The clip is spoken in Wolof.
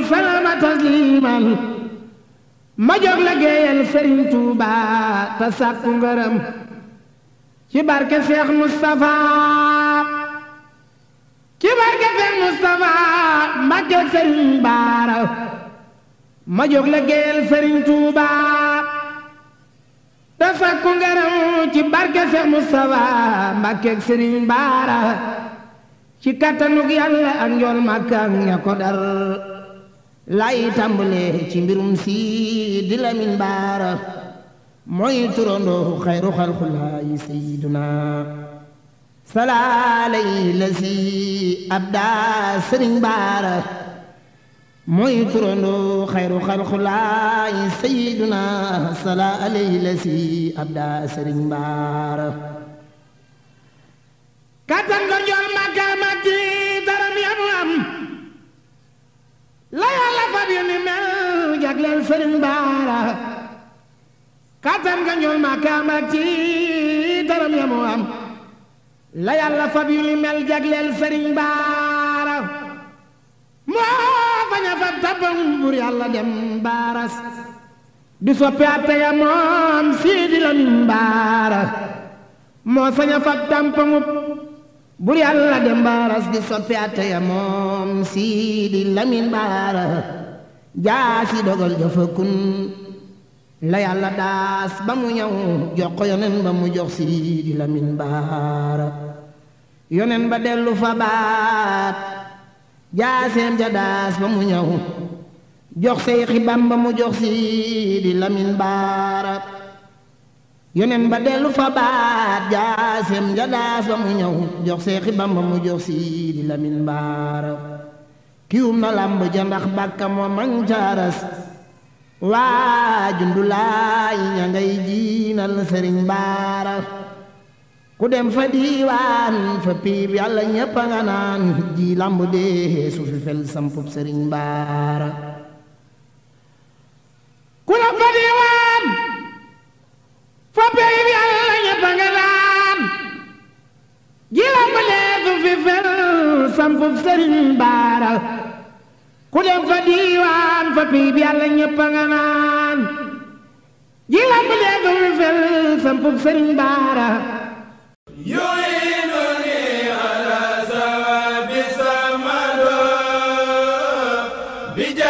wasalaama tasliiman ma jóg la géeyal sëriñ tuuba te ngërëm ci barke seex mustafa ci sëriñ baara la géeyal sëriñ tuuba te sàkku ci barke seex mustafa mbàkkeeg sëriñ ña ko lay tàmbalee ci mbirum si di lamin baara mooy turandoo xayru xalxulaayi sayiduna salaalay la si abda sëriñ baara mooy turandoo la si abda sëriñ baara sëriñ baara kàttan nga ñool ma kaam ci taram ya mu am la yàlla fab yu li jagleel sëriñ baara moo faña fab tabam bur yàlla dem baaras di soppi atte ya moom siidi lamin baara moo saña fab tampamub bur yàlla dem baaras di soppi atte ya moom siidi lamin baara jaasi dogal jafa kun la yàlla daas ba mu ñëw jox ko yonen ba mu jox Sidi Lamin Baara yonen ba dellu fa baat jaaseem ja daas ba mu ñëw jox Seyxi Bamba mu jox Sidi Lamin Baara yonen ba dellu fa baat jaaseem ja daas ba mu ñëw jox Seyxi Bamba mu jox Sidi Lamin Baara kiwum na làmb ja ndax bàkka moom mag waa jundulaay ña ngay jiinal sëriñ baara ku dem fa diiwaan fa piib yàlla ñëpp a nga naan ji làmb dee su fel sampub sëriñ baara sampub sëriñ ku dem fa diiwaan fa piib yàlla ñëpp a naan ji la bu leegul fel sampub sëriñ baara bi